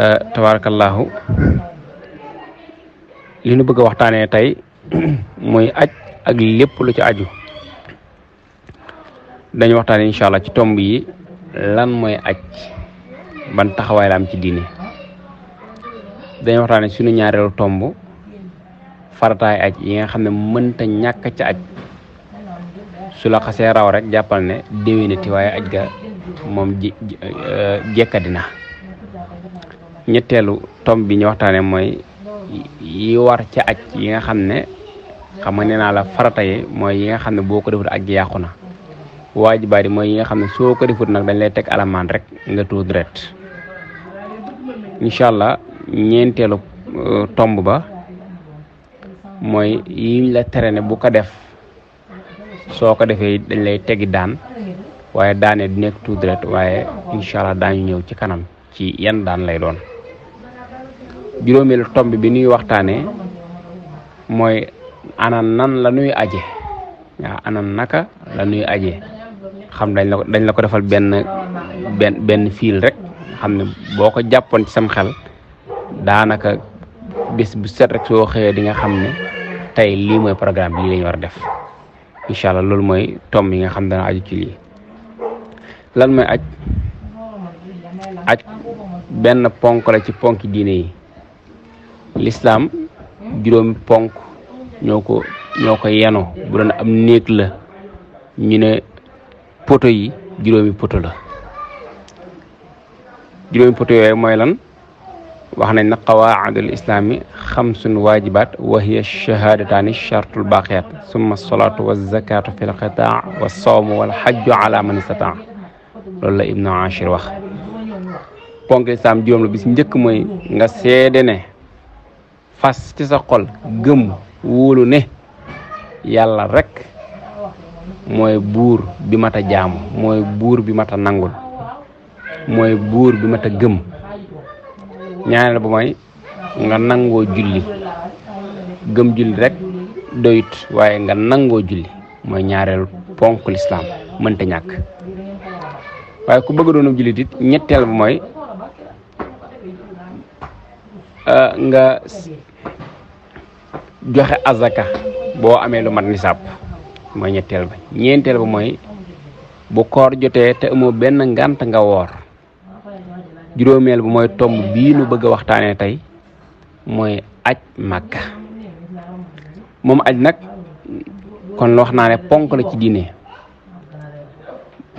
Eh, tabaarakallaahu li nu bëgg a waxtaanee tey muy aj ak lépp lu ci aju dañu waxtaanee incha allah ci tomb yi lan mooy aj ban taxawaay la am ci diine dañu waxtaanee sunu ñaareelu tomb farataay aj yi nga xam ne mënta ñàkk ca aj su la xasee raw rek jàppal ne déwénati waaye aj ga moom ji euh, jekkadi na ñetteelu tom bi ñu waxtaane mooy yi war ca aj yi nga xam ne xam nga nee naa la farata yi mooy yi nga xam ne boo ko defut aj gi yàqu na waajibaat yi mooy yi nga xam ne soo ko defut nag dañ lay teg alamaan rek nga tuur deret incha allah ñeenteelu euh, tomb ba mooy yiñ la tere ne bu ko def soo ko defee dañ lay tegi daan waaye daane du nekk tuuti rek waaye incha allah daañu ñëw ci kanam ci yan daan lay doon juróomeelu tomb bi nuy waxtaanee mooy ana nan la nuy aje waaw ana naka la nuy aje xam dañ la ko dañ la ko defal benn benn benn fiil rek xam ne boo ko jàppoon ci sam xel daanaka bis set rek soo xëyee di nga xam ne tey lii mooy programme bi lii lañ war a def incha allah loolu mooy tomb yi nga xam dana aju ci lii lan mooy aj aj benn ponk la ci ponk diine yi lislaam juróomi ponk ñoo ko ñoo ko yeno bu doon am néeg la ñu ne poto yi juróomi poto la juróomi poto yooyu mooy lan wax nañ na qawaidul islaami xamsun waajibaat wa hiya shahaadataani chartul baaqiyaat summa salaatu wa zakaatu fi lqitaa wa sawmu wal xajju ala man istataa loolu la ibnu achir wax ponk islaam juróom la bis njëkk mooy nga seede ne fas ci sa xol gëm wóolu ne yàlla rek mooy buur bi mat a jaamu mooy buur bi mat a nangul mooy buur bi mat a gëm ñaareel ba mooy nga nangoo julli gëm julli rek doyut waaye nga nangoo julli mooy ñaareel ponk lislaam mënta ñàkk waaye ku bëgg doon jullit it ñetteel ba mooy euh, nga joxe azaka boo amee lu mat nisaab mooy ñetteel ba ñeenteel ba mooy bu koor jotee te amoo benn ngànt nga woor juróomeel bi mooy tomb bii nu bëgg waxtaanee tey mooy aj màkka moom aj nag kon wax naa ne ponk la ci diine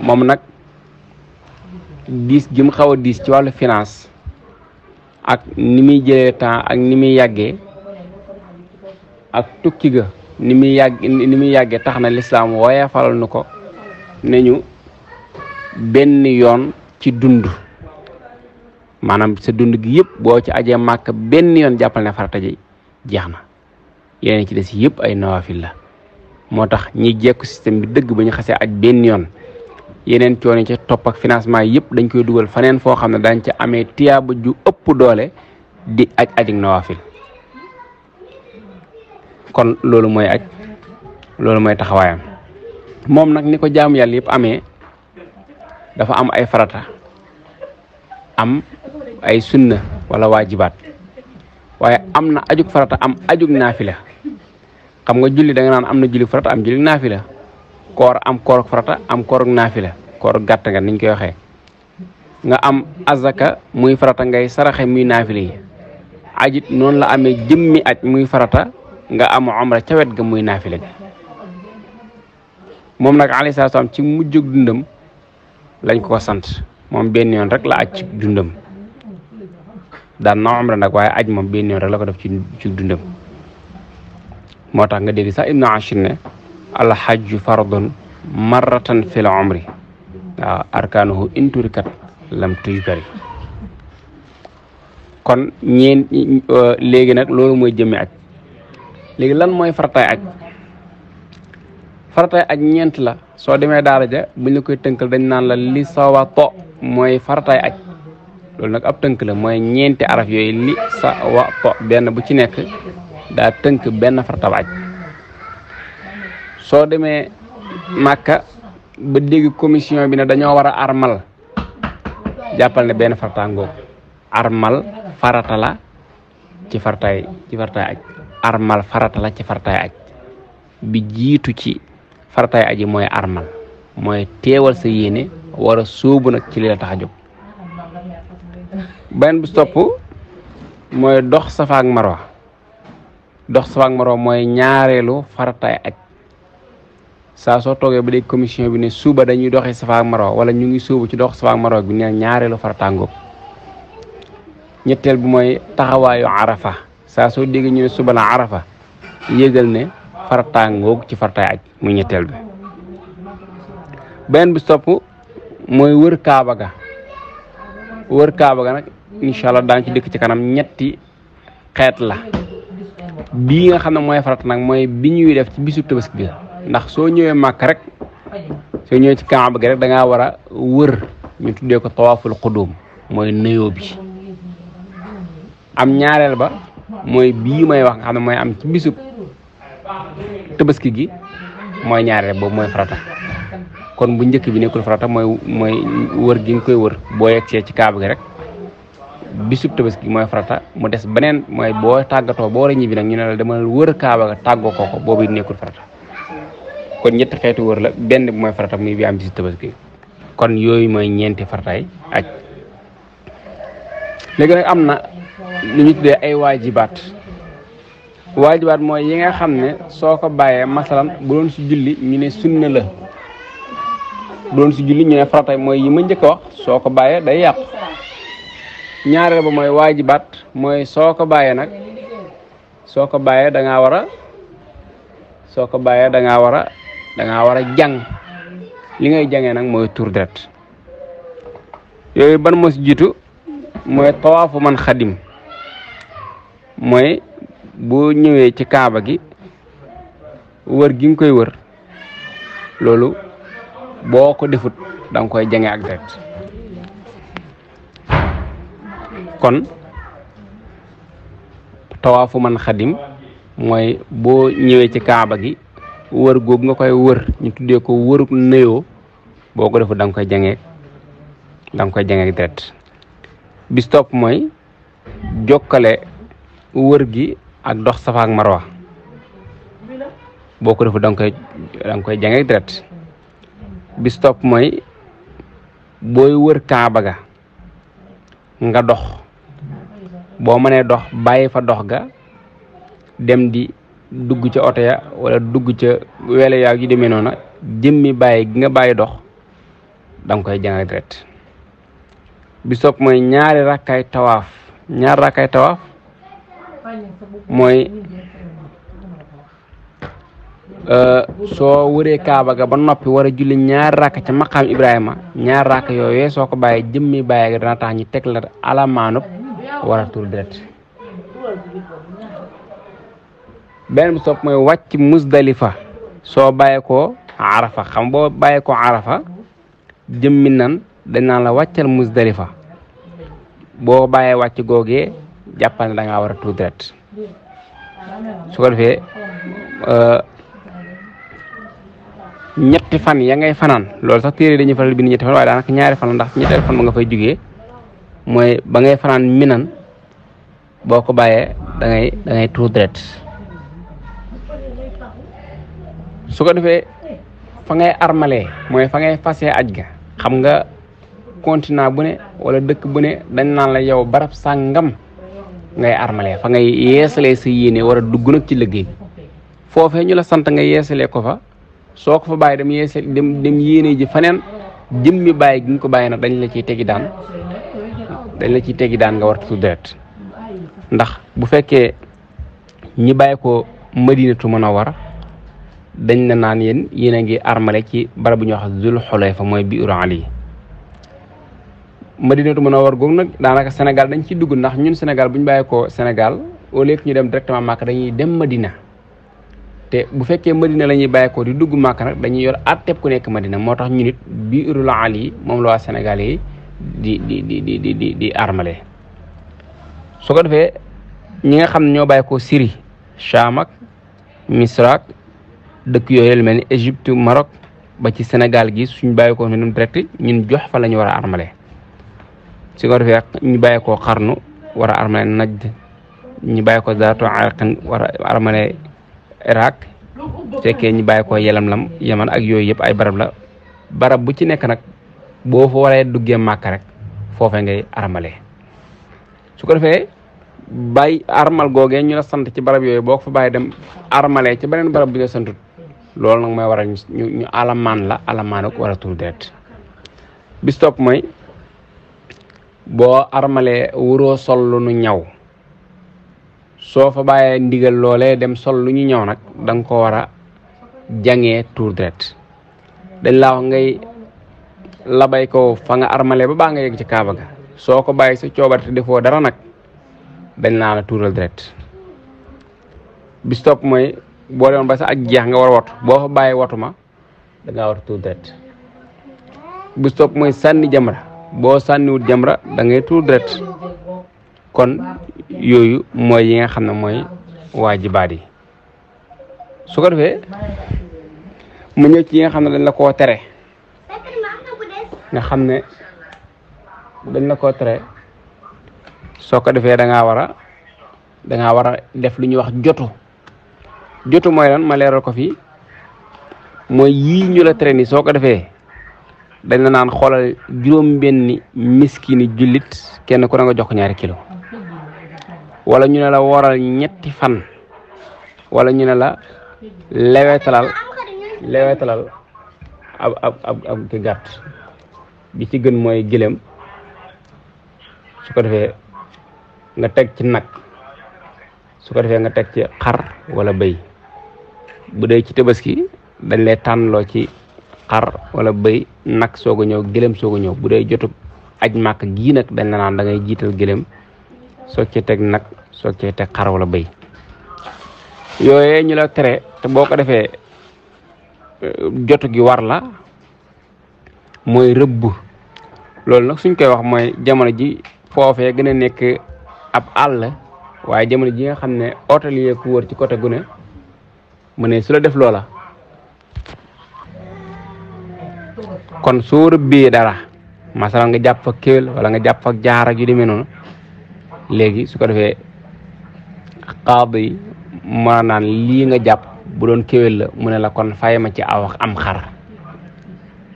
moom nag diis gi mu xaw a diis ci wàllu finance ak ni muy jëlee temps ak ni muy yàggee ak tukki ga ni muy yàgg muy yàggee tax na lislaam wooyee falal nu ko ne ñu benn yoon ci dund manam sa dund gi yep bo ci aje makka ben yon jappal na farata ji jeexna na ci dess yep ay nawafil la motax ñi jekku system bi deug ba xasse xasee ben yon yoon yeneen coono ci top ak financement yep dañ koy duggal fanen fo xamne dañ ci amé tiyabu ju upp doole di aj aj nawafil kon lolu moy aj lolu moy taxawayam mom nak ni ko jaamu yalla yep amé dafa am ay farata am ay sunna wala waajibaat waaye am na ajug farata am ajug naafila xam nga julli da am na julli farata am julli naafila koor am koorog farata am koorog naafila koorog gàtt nga niñ koy waxee nga am azaka muy farata ngay saraxe muy naafila yi ajit noonu la amee jëmmi aj muy farata nga am omra ca ga muy naafila ga moom nag alayhi salaam ci mujjug dundam lañ ko sant moom benn yoon rek la aj ci dundam daan na umra nag waaye aj moom benn rek la ko def ci ci dundam moo tax nga dégg sax ibnu na ne alxajju fardun marratan fil umri waaw arkaanuhu inturikat lam tujbari kon ñeen léegi nag loolu mooy jëmmi aj léegi lan mooy farataay aj farataay aj ñeent la soo demee daara ja buñ la koy tënkal dañ naan la li sawato mooy farataay aj loolu nag ab tënk la mooy ñeenti araf yooyu li sa wa to benn bu ci nekk daa tënk benn fartabaaj soo demee màkka ba dégg commission bi ne dañoo war a armal jàppal ne benn fartaangoo armal farata ci fartaay ci fartaay aj armal farata la ci fartaay aj bi jiitu ci farataay aji mooy armal mooy teewal sa yéene war suubu nag ci li la tax a jóg beneen bi topp mooy dox safa ak marwa dox safa ak marwa mooy ñaareelu farataay aj saa soo toogee ba dégg commission bi ne suba dañuy doxee safa ak marwa wala ñu ngi suubu ci dox safa ak marwa bi ne ñaareelu farataango ñetteel bi mooy taxawaayu arafa saa soo dégg ñu ne la arafa yégal ne farataangoog ci farataay aj muy ñetteel bi beneen bi topp mooy wër kaaba ga wër kaaba ga nag inshallah allah ci dëkk ci kanam ñetti xéet la bi nga xam moy farat nak moy mooy bi ñuy def ci bisu tabaski bi ndax so ñëwé mak rek so ñëw ci kaaba gi rek da nga wara wër ñu tuddé ko tawaful qudum moy bi am ñaareel ba moy bi may wax nga moy am ci bisu gi moy ñaareel bo moy farata kon bu ñëk bi nekul farata moy moy wër gi nga koy wër bo yexé ci kaaba gi rek bisub tabaski mooy farata mu des beneen mooy bo tàggatoo boo la ñibbi bilang ñu ne la demal wër kaaba ga tàggoo koko boobu it nekkul farata kon ñetti xeetu wër la ben bi farata muy bi am bisub tabaski kon yooyu mooy ñeenti ai ai léegi nag am na lu ñu tuddee ay waajibaat waajibaat mooy yi nga kam ne so ka bàyyee masalan bu doon jili julli ñu ne sunna la bu doon si julli ñu ne farataay mooy yi ma njëkk wax ñaareel ba moy waji bat moy soko baye nak soko baye da nga wara soko baye da nga wara da nga wara jang li ngay jange nak moy tur deret yoy ban mo jitu moy tawaafu man khadim moy bu ñewé ci kaaba gi wër gi ngui koy wër lolu boko defut dang koy jange ak kon tawaafu man xadim mooy boo ñëwee ci kaaba gi wër googu nga koy wër ñu tuddee ko wër nuyoo boo ko defu da koy jangeeg da nga koy jangeeg deret mooy jokkale wër gi ak dox safa ak marwa boo ko defu da nga koy da nga koy jangeeg deret bi mooy booy wër kaaba ga nga dox boo mënee dox bàyyi fa dox ga dem di dugg ca oto wala dugg ca wele yaa yu demee noona jëmmi bàyyi gi nga bàyyi dox da koy jàng regret bi sopp mooy ñaari rakkaay tawaaf ñaari rakkaay tawaaf mooy euh, soo wëree kaaba ga ba noppi war a julli ñaari rakk ca maqaam Ibrahima ñaari rakk yooyee soo ko bàyyi jëmmi bàyyi ga dana tax ñu teg la alamaanub war a tuur deret benn bu sopp mooy wàcc musdalifa soo bàyyee ko arafa xam boo bàyyee ko arafa jëmmi nan dañ naan la wàccal musdalifa boo bàyyee wàcc googe jàppal ne da ngaa war a tuur su ko defee euh, ñetti fan ya ngay fanaan lool sax téere dañuy faral bind ñetti fan waaye daanaka ñaari fan ndax ñetteel fan ba fay jugee mooy ba ngay fanaan minan boo ko bàyyee da ngay da su ko defee fa ngay armale mooy fa ngay fase aj ga xam nga continent bu ne wala dëkk bu ne dañ naan la yow barab sàngam ngay armale fa ngay yeesalee sa yéene war dugg nag ci liggéey foofee ñu la sant nga yeesalee ko fa soo ko fa bàyyi dem yeesal dem dem yéene ji faneen jëmmi bàyyi gi nga ko bàyyi nag dañ la ci tegi daan dañ la ci teggi daan nga war tudd deret ndax bu fekkee ñi bàyyi ko madinatu war dañ na naan yéen yéen a ngi armale ci barab bu ñuy wax zul xulayfa mooy biiru ali madinatu munawwara googu nag daanaka Sénégal dañ ciy dugg ndax ñun Sénégal bu ñu bàyyi ko Sénégal au lieu que ñu dem directement Màkka dañuy dem Madina te bu fekkee Madina la ñuy bàyyeekoo di dugg Màkka nag dañuy yor àtteeb ku nekk Madina moo tax ñu nit biirul ali moom la waa Sénégal yi di di di di armale su ko defee ñi nga xam ne ñoo bàyyi ko Syrie Cham ak Misra dëkk yooyu mel ni Égypte Maroc ba ci Sénégal gi suñ bàyyi ko ñun direct ñun jox fa lañu ñu war a armale su ko defee ñu bàyyi ko xarnu war a armale Najd ñu bàyyi ko Zaatu Arqin war a armale Irak fekkee ñu bàyyi ko Yelamlam yeman ak yooyu yëpp ay barab la barab bu ci nekk nag. boo fa waree duggee màkk rek foofee ngay armalee su ko defee bàyyi armal googee ñu la sant ci barab yooyu boo ko fa bàyyi dem armalee ci beneen barab bi nga santut loolu nag may waral ñu ñu alamaan la alamaan ak war a bis deret bi topp mooy boo armalee wuroo sol lu nu ñaw soo fa bàyyee ndigal loolee dem sol lu ñu ñaw nag da ko war a jangee tuur dañ laa wax ngay la bay ko fa nga armale ba baa nga yegg ci kaaba ga soo ko bàyyi sa coobarte defoo dara nag dañ naa na tuural deret bis topp mooy boo demoon ba ak jeex nga war a boo fa bàyyi watu ma da ngaa war a tuur deret bis mooy sànni jamra boo sànniwut jamra da ngay tuur kon yooyu mooy yi nga xam ne mooy waajibaat yi su ko defee mu ñëw ci yi nga xam ne dañ la koo tere nga xam ne dañ la koo tere soo ko defee da ngaa war a da ngaa war a def lu ñuy wax jotu jotu mooy lan ma leeral ko fii mooy yii ñu la tere ni soo ko defee dañ la naan xoolal juróom benni miskini jullit kenn ku nga jox ñaari kilo wala ñu ne la waral ñetti fan wala ñu ne la lewetalal lewetalal ab ab ab ab gàtt bi ci gën moy gilem su ko ngatek nga tek ci ngatek su ko defé nga tek ci xar wala bai. bu dee ci tabaski dañ lay lo ci xar wala bai nak sogo a gilem sogo a bu dee jottu aj mak gi nak dañ la naan da ngay jital gilem so ci tek nak so ci tek xar wala bai. yoyé ñu la téré te boko defé euh, jottu gi war la moy loolu nag suñ koy wax mooy jamono ji foofee gën a nekk ab àll waaye jamono ji nga xam ne hôtelier ku wër ci côté gu ne mu ne su la def loola kon soo rëbbee dara masalan nga jàpp ak kéwél wala nga jàpp ak jaar ak yu demee noonu léegi su ko defee xaadu yi mën naan lii nga jàpp bu doon kéwél la mu ne la kon fay ma ci aw am xar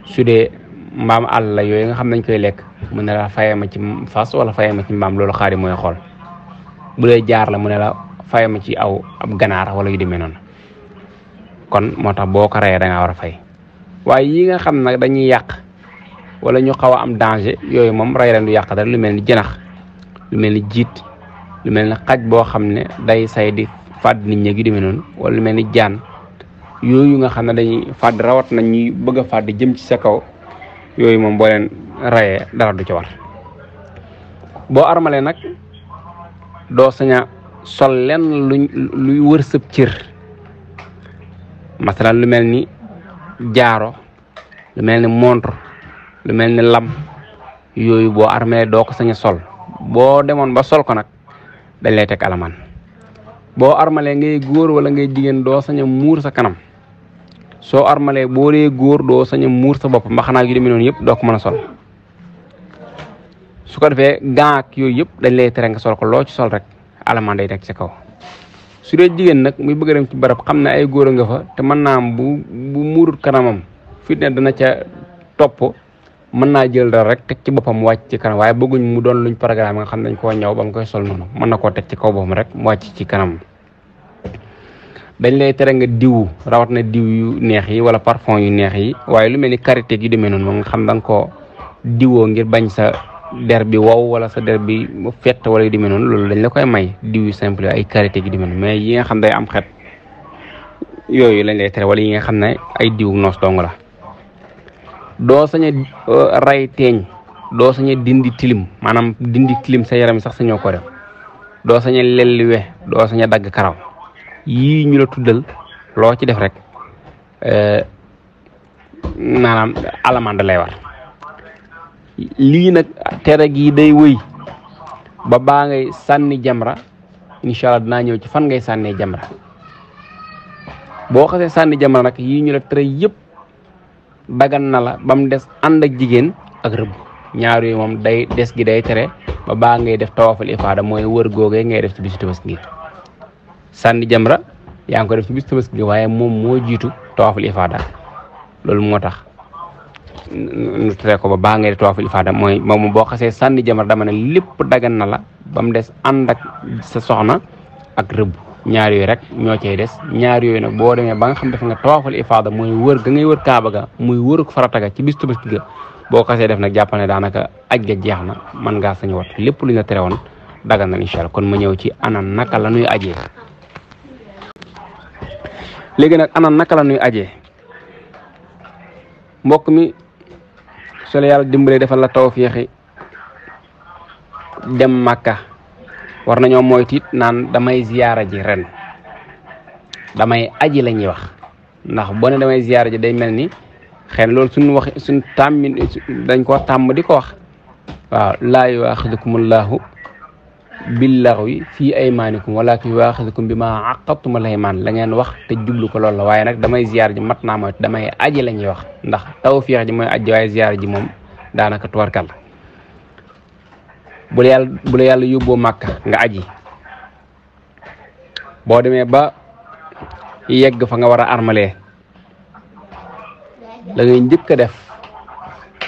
su dee mbaam àll la yooyu nga xam nañ koy lekk mu ne la faye ma ci fas wala faye ma ci mbaam loolu xaari mooy xool bu dee jaar la mu ne la faye ma ci aw ab ganaar wala yu demee noonu kon moo tax boo ko reyee da ngaa war a fay waaye yi nga xam nag dañuy yàq wala ñu xaw a am danger yooyu moom rey leen yàq dara lu mel ni jënax lu ni jiit lu mel ni xaj boo xam ne day saydi di fàdd nit ñi yu demee noonu wala lu mel ni jaan yooyu nga xam ne dañuy fàdd rawat na ñuy bëgg a fàdd jëm ci sa kaw yoy mom bo len rayé dara du ci war bo armalé nak do saña sol len lu luy wër masalan lu melni jaaro lu melni montre lu melni lam yoy bo armalee do ko saña sol bo demone ba sol ko nak dañ lay tek alaman bo dosanya ngay goor wala ngay jigen do saña mur sa kanam soo armalee boo dee góor doo sañ muur sa bopp mbaxanaak yu demee noonu yëpp doo ko mën a sol su ko defee gaak yooyu yëpp dañ lay tere nga sol ko loo ci sol rek alamaan day nekk ci kaw su dee jigéen nag muy bëgg dem ci barab xam ne ay góor a nga fa te mën naa am bu bu muurut kanamam fitna dana ca topp mën naa jël dara rek teg ci boppam wàcc ci kanam waaye bëgguñ mu doon luñ programme nga xam dañ koo ñëw ba mu koy sol noonu mën na koo teg ci kaw boppam rek mu wàcc ci kanam dañ lay tere nga diw rawat na diw yu neex yi wala parfum yu neex yi waaye lu mel ni karité yu demee noonu moom nga xam da ko diwoo ngir bañ sa der bi wow wala sa der bi fett wala yu demee noonu loolu dañ la koy may diw yu simple ay karité yu demee noonu mais yi nga xam day am xet yooyu lañ lay tere wala yi nga xam ne ay diw noos dong la doo sañ a euh, ray teeñ doo sañ a dindi tilim maanaam dindi tilim sa yaram yi sax sañoo ko def doo sañ a lelliwe doo sañ a dagg karaw yii ñu la tuddal loo ci def rek eh, maanaam alamande lay war lii nag tere gi day wëy ba baa ngay sànni jamra incha allah ñëw ci fan ngay sànnee jamra boo xasee sànni jamra nag yii ñu la tere yëpp dagan na la ba des ànd ak jigéen ak rëbb ñaar yooyu moom day des gi day tere ba baa ngay def tawaful ifaada mooy wër googee ngay def ci bisu gi sànni jamra yaa ngi ko def ci bis tabaski gi waaye moom moo jiitu tawaaful ifaada loolu moo tax nu tere ko ba baa ngay tawaaful ifaada mooy moom boo xasee sànni jamra dama ne lépp dagan na la ba mu des ànd ak sa soxna ak rëbb ñaar yooyu rek ñoo cay des ñaar yooyu nag boo demee ba def nga tawaaful ifaada mooy wër ga ngay wër kaaba ga muy wëruk farata ga ci bis tabaski ga boo xasee def nag jàppal daanaka aj ga jeex na mën ngaa sañu wat lépp lu ñu la tere woon dagan na incha kon ma ñëw ci ana naka la ñuy ajee léegi nag ana naka la ñuy ajee mbokk mi su la yàlla dimbalee defal la dem màkka war nañoo moytiit naan damay ziyaara ji ren damay aji la ñuy wax ndax boo ne damay ziyaara ji day mel ni xëy na loolu suñu wax suñ tàmmi dañ ko tàmm di wax waaw laa yuaxidukumullahu Bil fi fii aymaanikum walakin waaxidukum bima 'aqadtum al ayman la ngeen wax te djublu ko lol la waye nak damay ziar ji matna naa damay aji lañuy wax ndax tawfiq ji moy aji way ziar ji mom danaka tuwarkal bu la bu le yalla yobbo makka nga aji bo demé ba yegg fa nga wara armalé la ngay ñëk def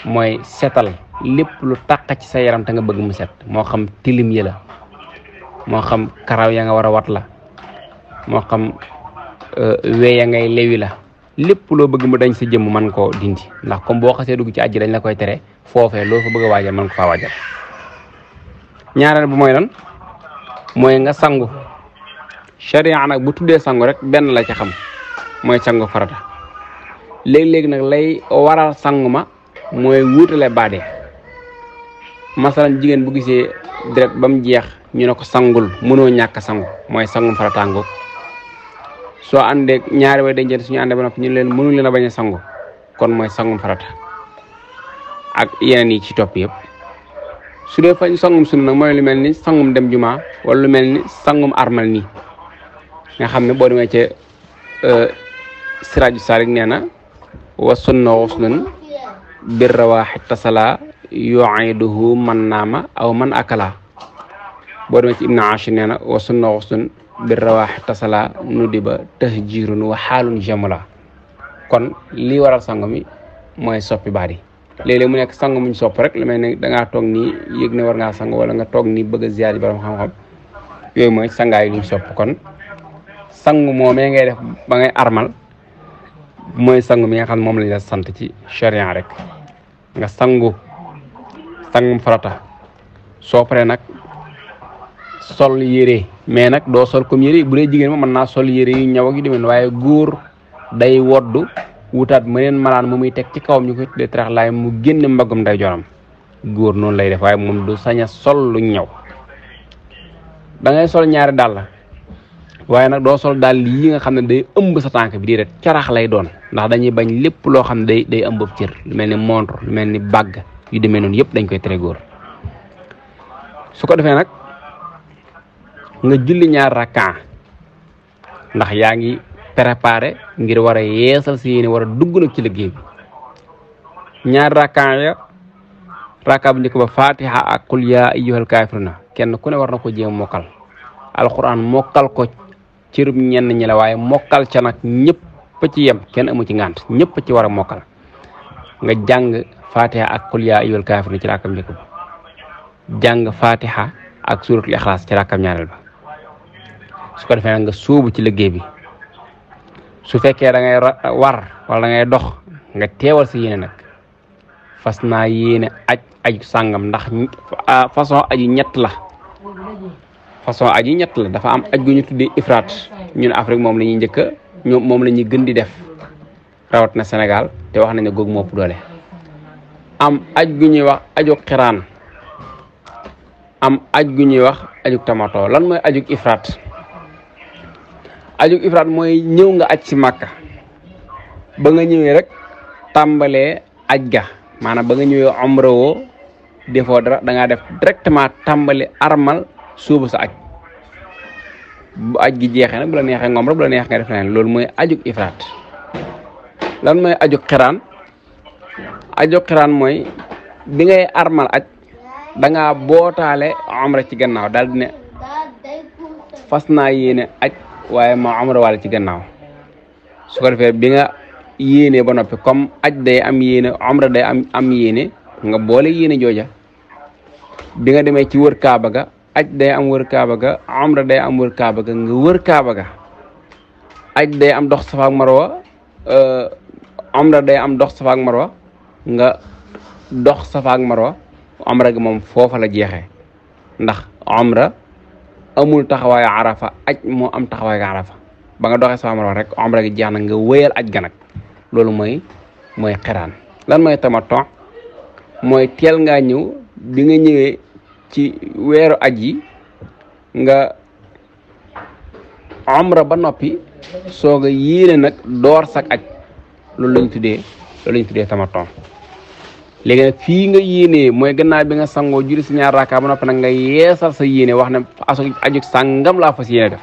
moy setal lip lu tak ci sa yaram ta nga bëgg mu set mo xam tilim yi ya la moo xam karaw ya nga war a wat la moo xam euh, wee ya ngay lewi la lépp loo bëgg mu dañ sa jëmm man koo dindi ndax comme boo xasee dugg ci àjji dañ la koy tere foofee loo fa bëgg a waajal man ko faa waajal ñaareel bu mooy lan mooy nga sangu charia nag bu tuddee sangu rek benn la ci xam mooy sangu farata léegi-léegi nag lay waral sangu ma mooy wuutale baade masalan jigéen bu gisee deret ba mu jeex ñu ne ko sangul mënoo ñàkk sangu mooy sangum faratàngu wedeng àndee ñaari way dencante suñu àndee ba ñu leen mënu leen a sangu kon mooy sangum farata ak yeneen yi ci topp yëpp su dee fañ sangum sunu nag mooy lu mel ni sangum dem juma wala lu mel ni sangum armal nii nga xam ne boo demee ca euh, siraaju saalik nee na wa sunna bir tasala yuiduhu man naama aw man akala boo demee ci ibnu na nee na wa sunna waxsun bir tasala nu di tëx jiirun wa xaalun jamula kon lii waral sangu mi mooy soppi baat yi léeg mu nekk sangu muñ sopp rek lu mel ne dangaa toog nii yëg ne war ngaa sang wala nga toog nii bëgg a ziyaar yi borom xam-xam yooyu mooy sangaay luñ sopp kon sangu moomee ngay def ba ngay armal mooy sangu mi nga xam ne moom lañ la sant ci charia rek nga sangu sangum farata soo sol yére mais nag doo sol comme yére bu dee jigéen ma mën naa sol yére yu ñaw ak yu demee waaye góor day woddu wutaat neen malaan mu muy teg ci kawam ñu koy tuddee trax mu génne mbaggum nday joram góor noonu lay def waaye moom du sañ sol lu ñaw da ngay sol ñaari dàll waaye nag doo sol dàll yi nga xam ne day ëmb sa tànk bi di ret carax lay doon ndax dañuy bañ lépp loo xam ne day day ëmb cër lu mel ni montre lu mel ni bàgg yu demee noonu yëpp dañ koy tere góor su ko defee nag nga julli ñaar raka ndax yaa ngi préparé ngir war a yeesal si yéene war a dugg nag ci liggéey bi ñaar raka ya raka bu ba fatiha ak qul ya ayyuhal kafiruna kenn ku ne war na ko jéem mokal alquran mokal ko cërub ñenn ñi la waaye mokal ca nag ñëpp ci yem kenn amu ci ngant ñëpp ci war a nga jàng fatiha ak qul ya ayyuhal kafiruna ci rakam ndik ba jàng fatiha ak suratul ikhlas ci rakam ñaaral ba su defee nga suubu ci liggéey bi su fekkee da ngay war wala da ngay dox nga teewal si yéene nag fas naa yéene sàngam ndax façon aju ñett la façon aju ñett la dafa am aj gu ñu tuddee ñu ne Afrique moom la ñuy njëkk moom la ñuy gën di def rawat na Sénégal te wax nañ ne googu mopp doole am aj gu ñuy wax aju xiraan am aj gu ñuy wax aju tamato lan mooy aju ifraat ajuk ifrat moy ñew nga acc ci makka ba nga ñewé rek tambalé ajga manam ba nga ñewé omra woo dara da nga def directement tambalé armal suba sa acc bu acc gi jexé nak bu la nexé ngomra bu la nex nga def lan lool moy aju ifrat lan moy aju qiran aju qiran moy bi ngay armal aj da nga botalé omra ci gannaaw dal dina ne yene acc waaye moo amarawaale ci gannaaw su ko defee bi nga yéene ba noppi comme aj day am yéene omra day am am yéene nga boole yéene jooja bi nga demee ci wër kaaba ga aj day am wër kaaba ga omra day am wër kaaba ga nga wër kaaba ga aj day am dox safa ak marwa omra euh, day am dox safa ak marwa nga dox safa ak marwa omra gi moom foofa la jeexee ndax omra amul taxawaayu arafa aj moo am taxawaayu arafa ba nga doxee sama moroom rek omra gi jeex na nga wéyal aj ga nag loolu mooy mooy xiraan lan mooy tama tamattu mooy teel nga ñëw bi nga ñëwee ci weeru aj yi nga omra ba noppi soog a yéene nag door sak aj loolu lañ tuddee loolu lañ tuddee tamattu léegi nak fi nga yene moy gannaaw bi nga sango juri ci ñaar rakaa ba noppi nga yeesal sa yene wax asu aso sangam la fa ci yene def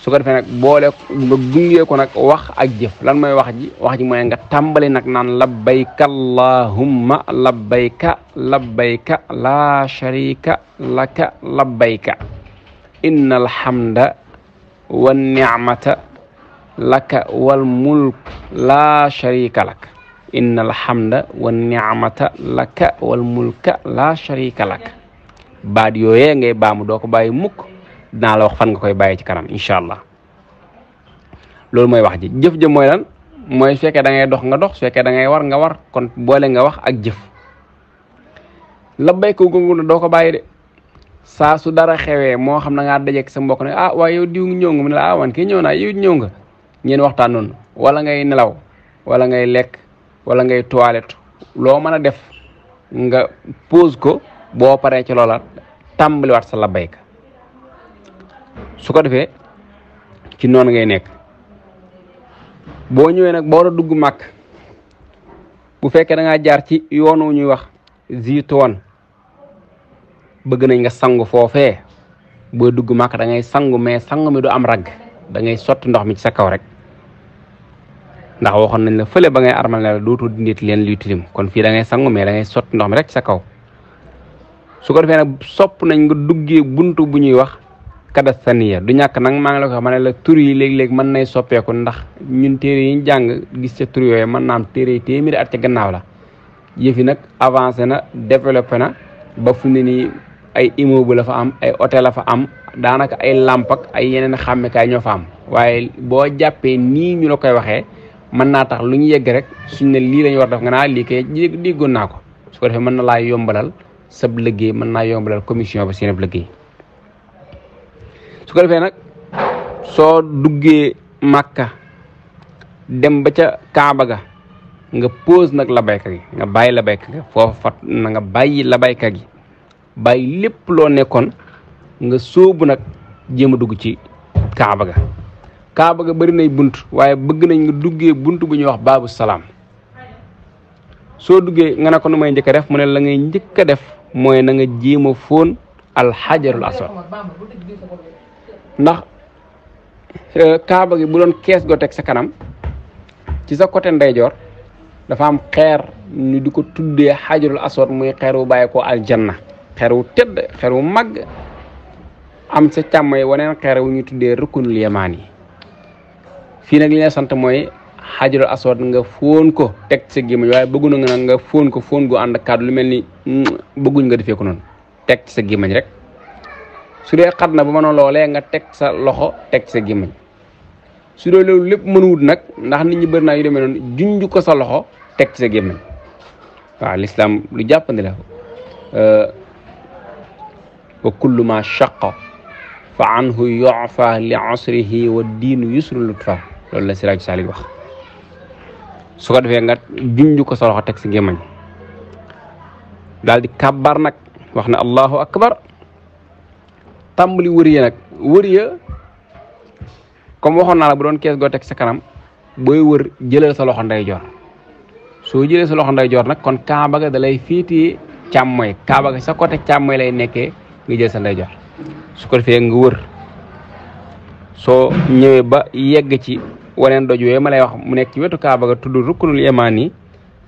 su ko defé nak boole nga gungé ko nak wax ak jëf lan moy wax ji wax ji moy nga tambalé nak nan labbayka allahumma labbayka labbayka la sharika laka labbayka inna hamda wa ni'mata laka wal mulk la sharika laka inna alhamda wan ni'mata laka wal mulka la sharika lak baat yooyee ngay baamu doo ko bàyyi mukk dinaa la wax fan nga koy bàyyi ci kanam incha allah loolu mooy wax ji jëf ja mooy lan mooy su fekkee ngay dox nga dox su fekkee ngay war nga war kon boole nga wax ak jëf la bay ko gungu na doo ko bàyyi de saa su dara xewee moo xam na ngaa dajeeg sa mbokk ne ah waaye yow diw ñëw nga mu ah, ñëw naa yow ñëw nga ñeen waxtaan noonu wala ngay nelaw wala ngay lekk wala ngay toilette loo meuna def nga pose ko bo paree ci tambali wat sa ka su ko defé ci non ngay nek bo ñewé nak bo do dugg mak bu fekké da nga jaar ci yoonu ñuy wax zitoon bëgg nañ nga sangu fofé bo dugg mak da ngay sangu mais sangu mi du am rag da ngay sotti ndox mi ci sa kaw rek ndax waxoon nañ la fële ba ngay armal ne la dootoo dindit leen luy tilim kon fii da ngay sangu mais da ngay sotti ndox mi rek sa kaw su ko defee nag sopp nañ nga duggee buntu bu ñuy wax kada saniya du ñàkk nag maa ngi la ko xam ne la tur yi léeg-léeg mën nay soppeeku ndax ñun téere yi ñu jàng gis ca tur yooyu mën naam téere téeméeri at ca gannaaw la yëf yi nag avancé na développé na ba fu ne nii ay immeuble la fa am ay hôtel la fa am daanaka ay làmp ay yeneen xàmmekaay ñoo fa am waaye boo jàppee nii ñu la koy waxee mën naa tax lu ñu yegg rek suñ ne lii lañu war def nga naa ah, lii kay déggoon naa ko su ko defee mën na laa yombalal sab liggéey mën naa yombalal commission ba seen liggéey su ko defee nag soo duggee màkka dem ba ca kaaba ga nga pose nag la bayka gi nga bàyyi la bayka gi bàyyi la bayka gi bàyyi lépp loo nekkoon nga sóobu nag jéem a dugg ci kaaba ga kaaba ga bari nay buntu waye bëgg nañ nga duggé buntu bu ñu wax babu salam so duggé nga na ko nu may njëkk def mu ne la ngay ñëk def moy na nga jéem a fóon alxajarul aswad ndax e, kaaba gi bu doon kess go tek sa kanam ci sa côté ndeyjoor dafa am xeer ñu diko tuddé tuddee xajarul aswad muy xeer baye ko al janna wu tedd xeer mag am sa chamay wonen xeer wu ñu tuddé rukunul yamaan fi nak li la sant mooy xajarul aswad nga fon ko tek ci gemu way bëggu nga nga fon ko fon gu and ak lu melni ni mm, nga defee ko noonu teg ci gemu rek su dee xadna bu mënoon lolé nga tek sa loxo tek ci gemu gémmiñ su dee loolu lépp mënuwut nak ndax nit ñi bëri yu demé non juñju ko sa loxo tek ci gemu wa l'islam lu jàppandi la wa kullu ma shaqqa fa anhu yufa li asrihi wa diinu yusru lutfa loolu la siraaju saalik wax su ko defee nga junj ko sa loxo teg si gémmañ daal di kabar nag wax na allahu akbar tàmbali wëriya nag wëriya comme waxoon naa la bu doon kees goo teg sa kanam booy wër jëlal sa loxo ndeyjoor soo jëlee sa loxo ndeyjoor nag kon kaaba ga da lay fiiti càmmooy kaaba ga sa côté càmmooy lay nekkee nga jël sa ndeyjoor su ko defee nga wër soo ñëwee ba yegg ci waneen doj yooyu ma lay wax mu nekk ci wetu kaaba ga tudd rukkunul yemaan yi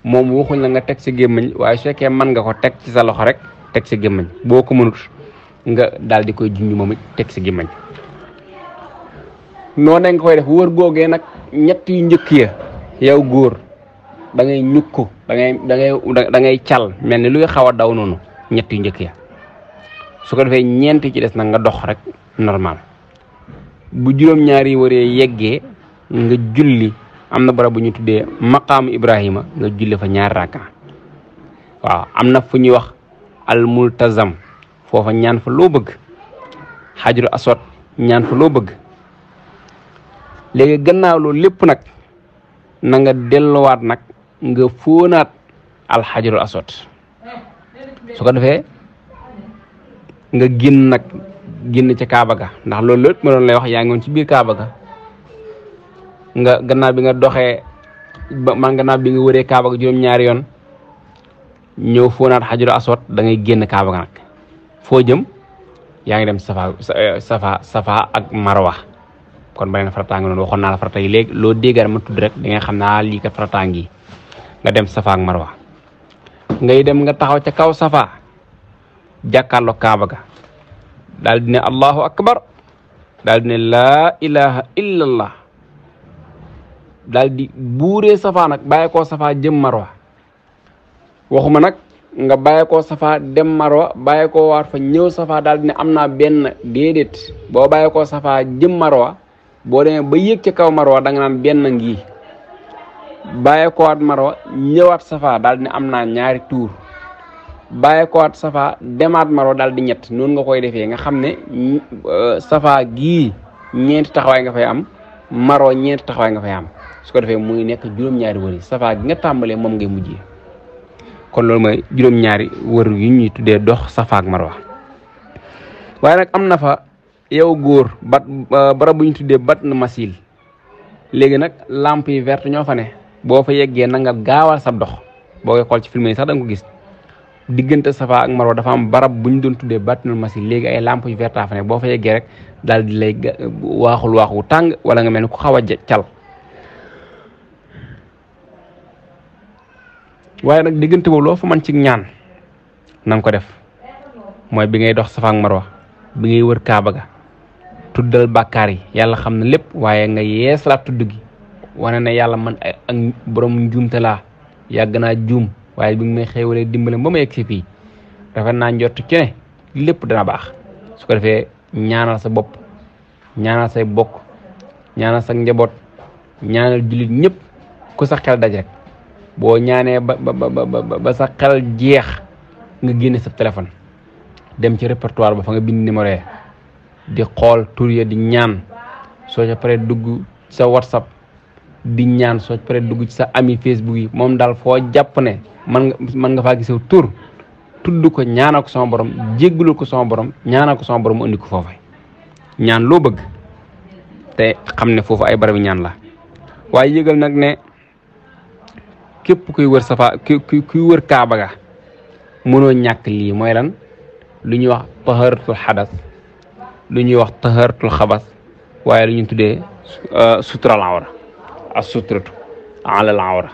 moom waxuñ la nga teg sa gémmañ waaye su mën nga ko teg ci sa loxo rek teg sa gémmañ boo ko mënut nga daal di koy junj moom teg sa gémmañ noonu nga koy def wër googee nag ñett yu njëkk ya yow góor dangay ngay dangay da ngay cal mel ni luy xaw a daw noonu ñett yu njëkk ya su ko defee ñeent ci des nag nga dox rek normal bu juróom-ñaari waree yeggee nga julli am na barab bu ñu tuddee maqaamu Ibrahima nga julli fa ñaar raaka waaw am na fu ñuy wax almultazam foofa ñaan fa loo bëgg xajaru aswad ñaan fa loo bëgg léegi gannaaw loolu lépp nag na nga delluwaat nag nga fóonaat alxajaru aswad su ko defee nga génn nag génn ca Kaaba ga ndax loolu lépp ma doon lay wax yaa ngi woon ci biir Kaaba ga nga gannaaw bi nga doxee ma man gannaaw bi nga wëree kaaba ga juróom-ñaari yoon ñëw aswad da ngay génn kaaba ga nag foo jëm yaa ngi dem safa eh, safa safa ak marwa kon beneen farata ngi noonu waxoon naa la farata yi léegi loo ma tudd rek da ngay xam naa lii nga dem safa ak marwa ngay dem nga taxaw ca kaw safa jàkkaarloo kaaba ga daal di allahu akbar daal di ne la ilaha illallah daal di buuree safa nag bàyyi koo safa jëm marwa waxuma nag nga bàyyi koo safa dem marwa bàyyi koo waat fa ñëw safa daal di ne am naa benn déedéet boo bàyyi safa jëm marwa boo demee ba yéeg ci kaw marwa da nga naan benn ngi bàyyi ko waat marwa ñëwaat safa daal di ne am na ñaari tuur bàyyi ko waat safa demaat marwa daal di ñett noonu nga koy defee nga xam ne euh, safa gii ñeenti taxawaay nga fay am marwa ñeenti taxawaay nga fay am su ko defee muy nekk juróom-ñaari wër yi nga tàmbalee moom ngay mujjee kon loolu mooy juróom-ñaari wër yu ñuy tuddee dox safaa ak marwa waaye nag am na fa yow góor bat euh, barab bu tuddee bat na masil léegi nag lampe yi verte ñoo fa ne boo fa yeggee na nga gaawal sa dox boo xool ci film yi sax da nga ko gis diggante safa ak marwa dafa am barab bu ñu doon tuddee batnul masil léegi ay lampe yu verte boo fa yeggee rek daal di lay waaxul waaxu tàng wala nga mel ni ku xaw a cal waaye nag diggante boobu loo fa man ci ñaan na ko def mooy bi ngay dox Safa ak Marwa bi ngay wër Kaaba ga tuddal bàkkaar yi yàlla xam na lépp waaye nga yeesalaat tudd gi wane ne yàlla man ak borom njuumte laa yàgg naa juum waaye bi nga may xéewalee dimbale ba ma yegg si fii rafet naa njort ci ne lépp dana baax su ko defee ñaanal sa bopp ñaanal say bokk ñaanal sa njaboot ñaanal jullit ñëpp ku sa xel daj bo ñaanee ba ba ba ba ba sa xel jeex nga génne sa téléphone dem ci répertoire ba fa nga bind numéro ya, di xol tour ya di ñaan so ci paré dugg sa whatsapp di ñaan so ci paré dugg ci sa ami facebook yi mom dal fo japp ne man man nga fa gisaw tour tuddu ko ñaanal ko sama borom jéggulul ko sama borom ñaanal ko sama borom andi ko fofay ñaan lo bëgg te xamné ne ay barami ñaan la waye yëgal nag ne képp kuy wër safa ku kuy wër kaaba ga mënoo ñàkk lii mooy lan lu ñuy wax taharatul xadas lu ñuy wax taharatul xabas waaye lu ñu tuddee euh, sutural awra as sutratu alal awra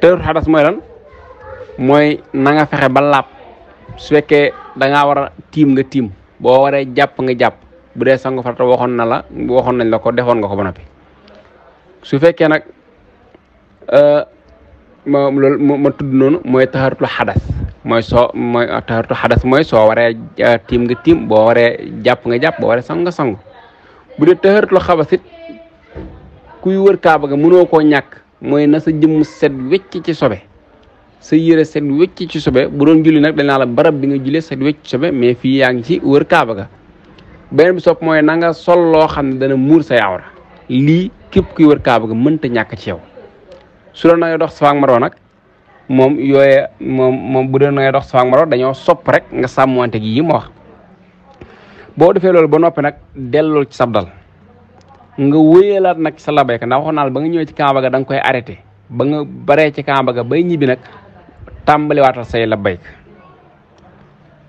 taharatul xadas mooy lan mooy nanga fexe ba laab su fekkee da ngaa war a tiim nga tiim boo waree jàpp nga jàpp bu dee sangu farata waxoon na la waxoon nañ la ko defoon nga ko ba su fekkee nag euh, ma loolu ma tudd noonu mooy hadas, xadas so, soo mooy taxaratul xadas mooy soo waree eh, tiim nga tiim boo waree jàpp nga jàpp boo waree sang nga sang bu dee taxaratul xabas it kuy wër kaaba ga mënoo na sa set ci sobe sa yére set wecc ci sobe bu doon julli nag danaa la barab bi nga jullee set ci sobe mais fii yaa ngi ci wër kaaba ga beneen bi sopp mooy na nga sol lo xam ne dana muur say awra lii képp kuy wër kaaba ga mënta ci yow su na ngay dox safa nag moom yooye moom moom bu doon na ngay dox safa dañoo sopp rek nga sàmmante gi yi ma wax boo defee loolu ba noppi nag dellool ci sab dal nga wéyalaat nag sa labayka ndax waxoon naa ba nga ñëwee ci kamba ga da koy arrêté ba nga baree ci kamba bay ñibbi nag tàmbaliwaatal say labayka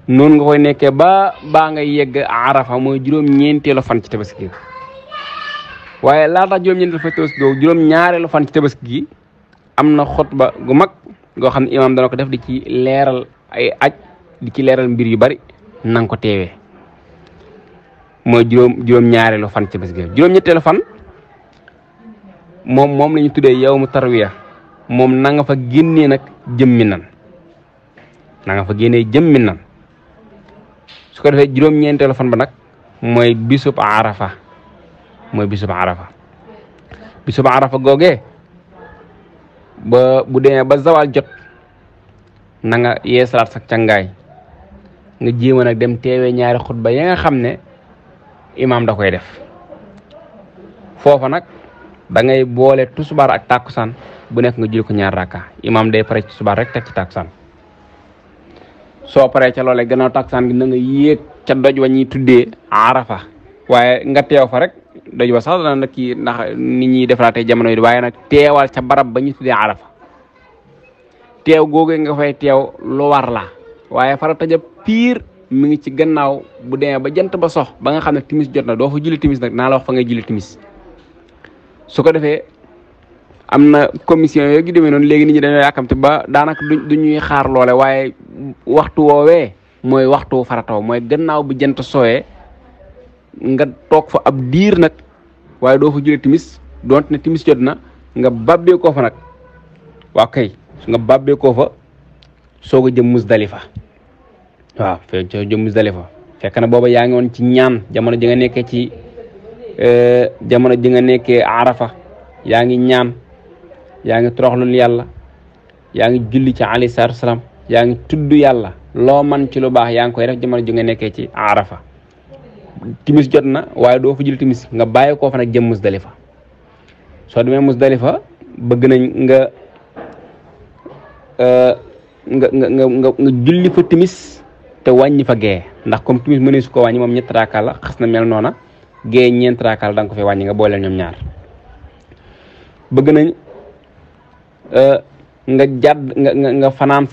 noonu nga koy nekkee ba baa nga yegg arafa mooy juróom-ñeenteelu fan ci tabaski gi waaye laata juróom-ñeenteelu fan ci tabaski amna khutba gu mag go xamni imam da def di ci leral ay aj di ci leral mbir yu bari nang ko ko mo juroom juroom juróom lo fan ci bés juroom juróom-ñetteelu fan mom mom lañu tuddé yawmu tarwiya mom na nga fa génnee nak jëmmi nan na nga fa génnee jëmmi nan su ko juroom juróom-ñeenteelu fan ba nak moy bisub arafa moy bisub arafa bisub arafa ba bu demee ba zawal jot na nga yeesalaat sax càngaay nga jéema nag dem teewee ñaari xutba ya nga xam ne imam da koy def foofa nag da ngay boole tusubaar ak tàkkusaan bu nekk nga jul ko ñaar rakka imaam day pare ci tusubaar rek teg ci tàkkusaan soo paree ca loolee gannaaw tàkkusaan gi na nga yéeg ca doj wa ñuy tuddee arafa waaye nga teew fa rek doj ba sax na nag kii ndax nit ñuy defaraatee jamono waaye nag teewal ca barab ba ñu tuddee arafa teew googu nga fay teew lu war la waaye farata ja piir mi ngi ci gannaaw bu demee ba jant ba sox ba nga xam ne timis jot na doo fa jule timis nag naa la wax fa ngay julli timis su ko defee am na commission yooyu demee noonu léegi nit ñi dañoo yàkkamte ba daanaka du ñuy xaar loole waaye waxtu woowee mooy waxtu farataw mooy gannaaw bu jant soowee nga tok fa ab dir nak waaye do fa jule timis don na timis jotna na nga babbe ko fa nak wa kay nga babbe ko fa sogo jëm musdalifa wa fe soo jëm musdalifa fekk na boba yaangi won ci ñaan jamono ji nga ci eh, jamono ji nga arafa yaangi ñaan yaangi ngi toroxlul juli yaa julli ci ali sar salam yaangi tuddu yalla lo man ci lu bax koy def jamono ji nga ci arafa timis jot na waaye doo fa jël timis nga bàyyi koo fa nag jëm musdalifa soo demee musdalifa bëgg nañ euh, nga nga nga nga julli fa timis te wàññi fa gee ndax comme timis mënee su ko wàññi moom ñett raakaal la xas na mel noona gee ñeent raakaal da nga ko fay wàññi nga booleel ñoom ñaar bëgg nañ euh, nga jàdd nga nga fanaan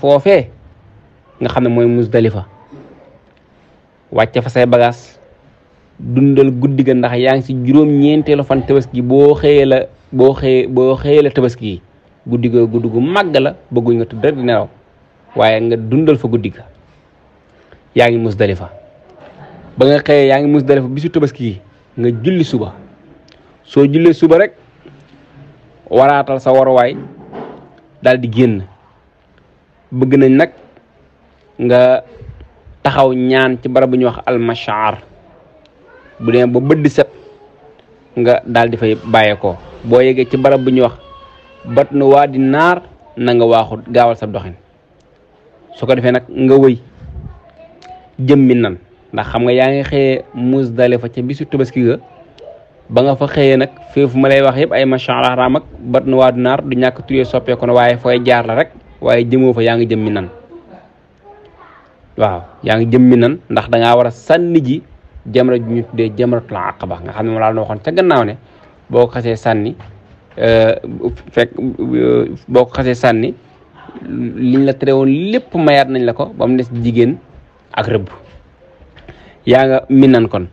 nga xam ne musdalifa wàcce fa say bagage dundal guddi ga ndax yaang ci si ñentelu fan tabaski bo xëyee la boo xëyee boo la tabaski guddi ga guddi gu màgg la nga tudd di nelaw nga dundal fa guddi ga musdalifa ba nga xey yaangi musdalifa bisu tebaski nga julli suba so julle suba rek waratal sa way dal di genn bëgg nañ nga taxaw ñaan ci barab ñu wax al mashar bu dee ba bëdd di set nga dal di fay ko boo yeggee ci barab bu ñu wax bat nu waa di naar na nga waaxut gaawal sa doxin su ko defee nag nga wëy jëm nan ndax xam nga yaa ngi xëyee fa ca bisu Tabaski ga ba nga fa xëyee nag foofu ma lay wax yëpp ay macha allah raam bat nu waa di naar du ñàkk tuyee ko na waaye fooy jaar la rek waaye jëmoo fa yaa ngi jëm nan waaw yaa ngi jëm nan ndax da ngaa war a ji. jamra ju ñu tuddee jamratul aqaba nga xam ne moom laa waxoon ca gannaaw ne boo ko xasee sànni euh, fekk euh, boo xasee sànni liñ la tere woon lépp mayaat nañ la ko ba mu jigéen ak rëbb yaa nga min nan kon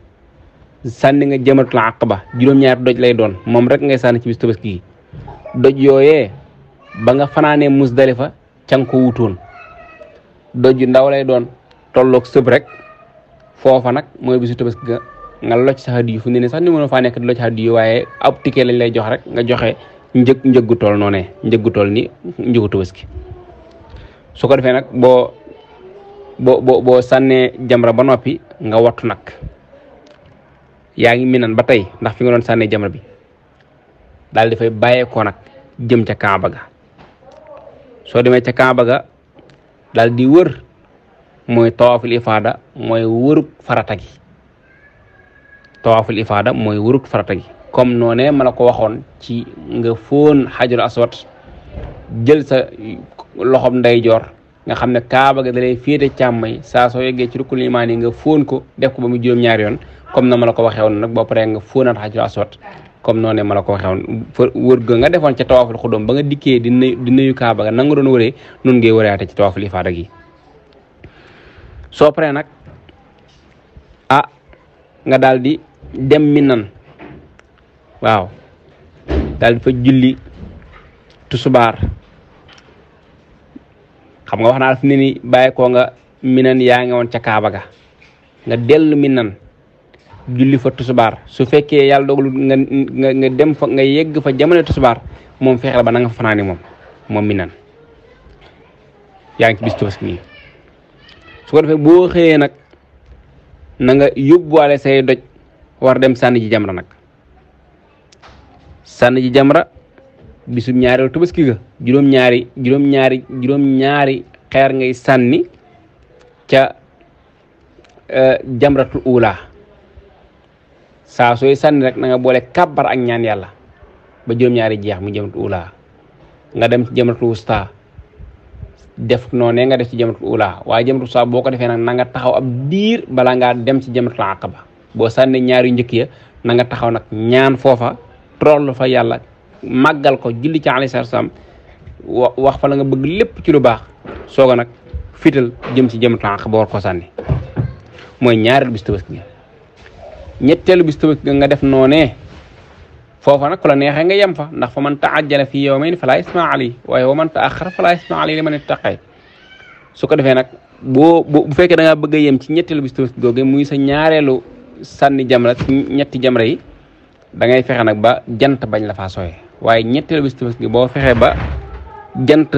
sànni nga jamratul aqaba juróom-ñaar doj lay doon moom rek ngay sànni ci bis tabaski gi doj yooye ba nga fanaanee musdalifa ca nga ko wutoon doj yu ndaw lay doon tollook sëb rek foofa nag mooy bisu tabaski ga nga locc a xadiyu fu ne sax ni mënoo faa nekk di locc xadiyu waaye ab lañ lay jox rek nga joxe njëg njëggu tool noonee njëggu tool ni njëgu tabaski su ko defee nag boo boo boo boo sànnee jamra ba noppi nga wattu nag yaa ngi minan ba tey ndax fi nga doon sànnee jamra bi daal dafay bàyyeekoo nag jëm ca Kaaba ga daal di wër mooy tawaaful ifaada mooy wërug farata gi tawaaful ifaada mooy wërug farata gi comme noonee ma la ko waxoon ci nga fóon xajarul aswad jël sa loxob ndeyjoor nga xam ne kaaba ga da lay féete càmm yi saa soo ci rukkul imaan yi nga fóon ko def ko ba mu juróom-ñaari yoon comme na ma la ko waxee woon nag boo paree nga fóonaat xajarul aswad comme noonee ma ko waxee woon wër ga nga defoon ca tawaaful ba nga dikkee di nuyu kaaba ga nanga doon wëree noonu ngay wëraate ci tawaaful ifaada gi soo paree nag a ah, nga daldi dem mi waaw daldi fa julli tusubaar xam nga wax naa fi ne ni bàyyi nga minan yaa ngi woon ca Kaaba ga nga dellu minan julli fa tusubaar su fekkee yàlla dogalu nga nga dem fa nga yegg fa jamono tusubaar moom fexeel ba na nga fa fanaani moom moom minan yaa ngi ci bis Tabaski nii su ko defee boo xëyee nag na nga yóbbuwaale say doj war dem sànni ji jamra nag sànni ji jamra bisub ñaari tabaski ga juróom-ñaari juróom-ñaari juróom-ñaari xeer ngay sànni ca e, jamratul ula saa sooy sànni rek na nga boole kàbbar ak ñaan yàlla ba juróom-ñaari jeex mu jamratul ula nga dem ci jamratul wusta def noné nga def ci jamratul ula wa jamratul sa boko nangat nak abdir nga taxaw ab dir bala nga dem ci jamratul aqaba bo sànni ñaari ñëk ya nga taxaw nak ñaan fofa troll fa yalla magal ko julli ci ali salaatu salaam wax fa la nga bëgg lepp ci lu bax soga nak fitel jëm ci jamratul aqaba war ko sànni moy ñaaral bis tabaski ñettelu bis nga def noné foofa nag ku neexee nga yem fa ndax fa man taajjala fii yawmayn fala isma ali waaye wa man taaxara fala isma ali li man ittaqee su ko defee nag boo bu fekkee da ngaa bëgg a yem ci ñetteelu bis tabaski googe muy sa ñaareelu sànni jamra ñetti jamra da ngay fexe nag ba jant bañ la faa sooyee waaye ñetteelu bis tabaski boo fexee ba jant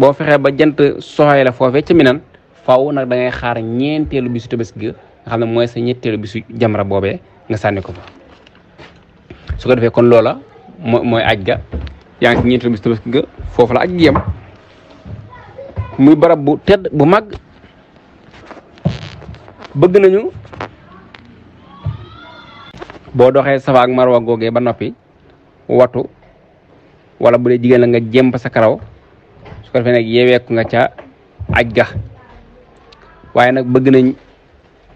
boo fexee ba jant sooyee la foofee ca minan faaw nag da ngay xaar ñeenteelu bisu tabaski nga xam mooy sa ñetteelu bisu jamra boobee nga sànni ko fa su ko defee kon loola moo mooy aj ga yaa ngi ci ñeenteelu bis tabaski foofu la aj gi yem muy barab bu tedd bu mag bëgg nañu boo doxee safa ak marwa googee ba noppi watu wala bu dee jigéen la nga jëmp sa karaw su ko defee nag yeeweeku nga ca aj ga waaye nag bëgg nañ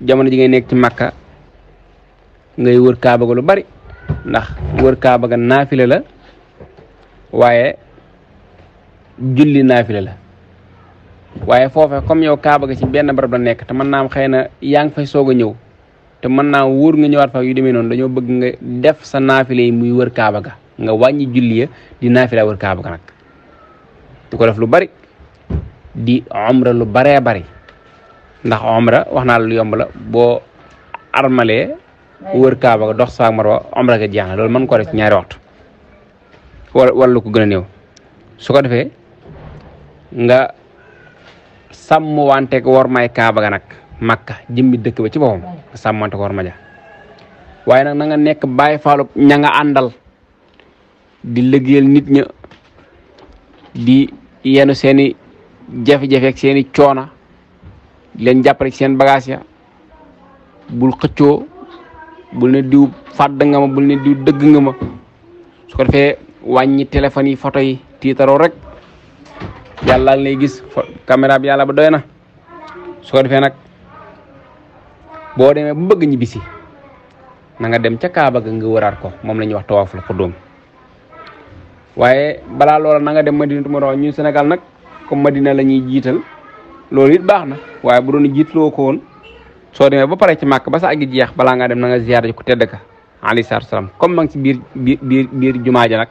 jamono ji ngay nekk ci màkka ngay wër kaaba lu bari ndax wër kaaba ga naafile la waaye julli naafile la waaye foofe comme yow kaaba ga ci benn barab la nekk te mën naa am xëy na yaa ngi fay soog a ñëw te mën naa wóor nga ñëwaat fa yu demee noonu dañoo bëgg nga def sa naafile muy wër kaaba ga nga wàññi julli ya di naafila wër kaaba ga nag di ko def lu bari di omra lu baree bari ndax omra wax naa lu yomb la boo armalee wër kaaba ga dox saak marwa omra ga jeex na loolu mën ko def ñaari waxtu wala ko gëna a su ko defé nga wante ko war may kaaba ga nak makka jëmmi dëkk ba ci bopam sam wante ko war ma ja na nga nek baye faalu nga di liggeel nit ñi di yenu seeni jafe-jafe ak seeni di len japp rek seen bagage ya bul xëccoo bul ne diw fàdd nga ma bul ne diw dëgg nga ma su ko defee wàññi téléphone yi photo yi tiitaroo rek yàlla lay gis caméra bi ba doy na su ko defee nag boo demee bu bëgg ñibbisi nanga dem ca Kaaba ga nga wëraat ko moom la ñuy wax tawaaful xudóom waaye balaa loola na nga dem Madinatu Munawwara ñun Sénégal nag comme Madina la ñuy jiital loolu it baax na waaye bu doon jiitloo ko woon so demé ba paré ci makk ba sa agi jeex bala nga dem na nga ziyaar ji ku tedd ka ali sar senyara comme mang ci bir bir bir jumaaja nak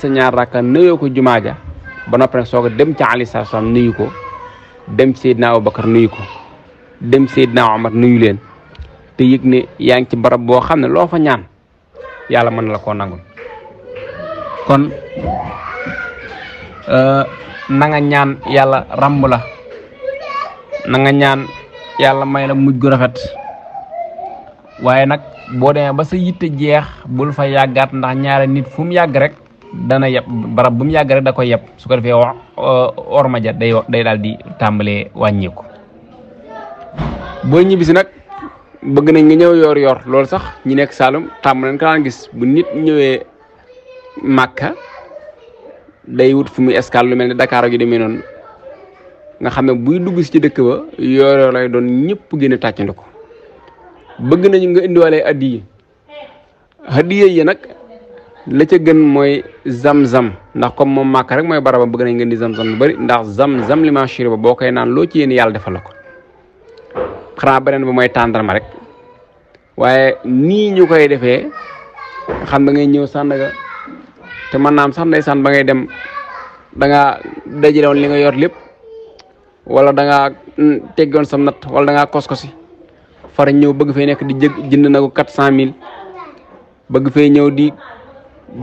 sa ñaar rakka ko jumaaja ba soga dem ca ali sar salam nuyu ko dem ci Seydina Abubakar nuyu ko dem sayyidna Omar nuyu len te yëg ne yaa ci barab bo xamne lo fa ñaan yalla man la ko nangul kon euh, na nga ñaan yalla rambu la na nga ñaan yalla may la mujj gu rafet waye nak bo dem ba sa yitte jeex bul fa yagat ndax ñaara nit fum yag rek dana yeb barab bu mu rek da koy yeb su ko defé wax euh, ja day day di tàmbalee wanyuk. boo ñibbisi nag bëgg nañ nga ñew yor-yor lool sax ñi nek salum tam nañ ka daan gis bu nit ñewé makka day wut fu escale lu melni Dakar ak yu nga xam ne buy dugg si ci dëkk ba yooyu lay doon ñëpp gën a tàccandi ko bëgg nañu nga indiwalee addiya addiya yi nag la ca gën mooy zam sam ndax comme moom màkk rek mooy barabam bëgg nañ ngeen di zam-zam lu bëri ndax zam-zam li ma ba boo koy naan loo ci yéen yàlla defal la ko rek waaye nii ñu koy defee xam da ngay ñëw Sandaga te mën naam am sax ndeysaan ba ngay dem danga nga dajale woon li nga yor lépp. wala da ngaa teggoon sam nat wala da ngaa kos kosi far ñëw bëgg fee nekk di jëg jënd na ko quatre cent mille bëgg fee ñëw di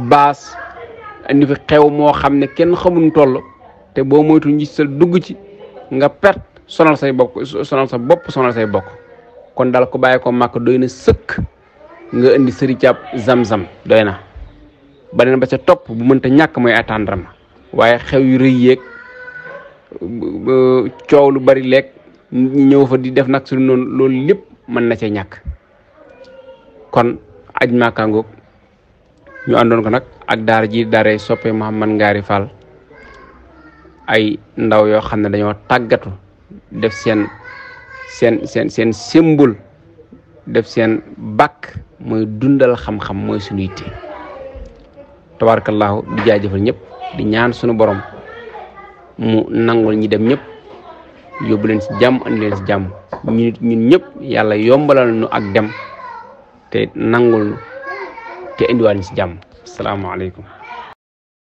baas indi fi xew moo xam ne kenn xamuñ toll te boo moytu nji sa dugg ci nga perte sonal say bopp sonal sa bopp sonal say bokk kon daal ko bàyyi ko màkk doy na sëkk nga indi sëri caab zam-zam doy na beneen ba ca topp bu mënta ñàkk mooy attendre ma waaye xew yu coow lu bari lekk ñëw fa di def nag suñu noonu loolu lépp mën na cee ñàkk kon aj màkkaangoog ñu àndoon ko nag ak daara ji daara soppe Mouhamad Ngari Fall ay ndaw yoo xam ne dañoo tàggatu def seen seen seen seen symbole def seen bakk mooy dundal xam-xam mooy suñu yitte tabarakallaahu di jaajëfal ñëpp di ñaan suñu borom mu nangul ñi dem ñëpp yóbbu si jàmm andi leen si jàmm ñun ñun ñëpp yàlla yombalal nu ak dem te nangul te indiwaat ñu si jàmm salaamaaleykum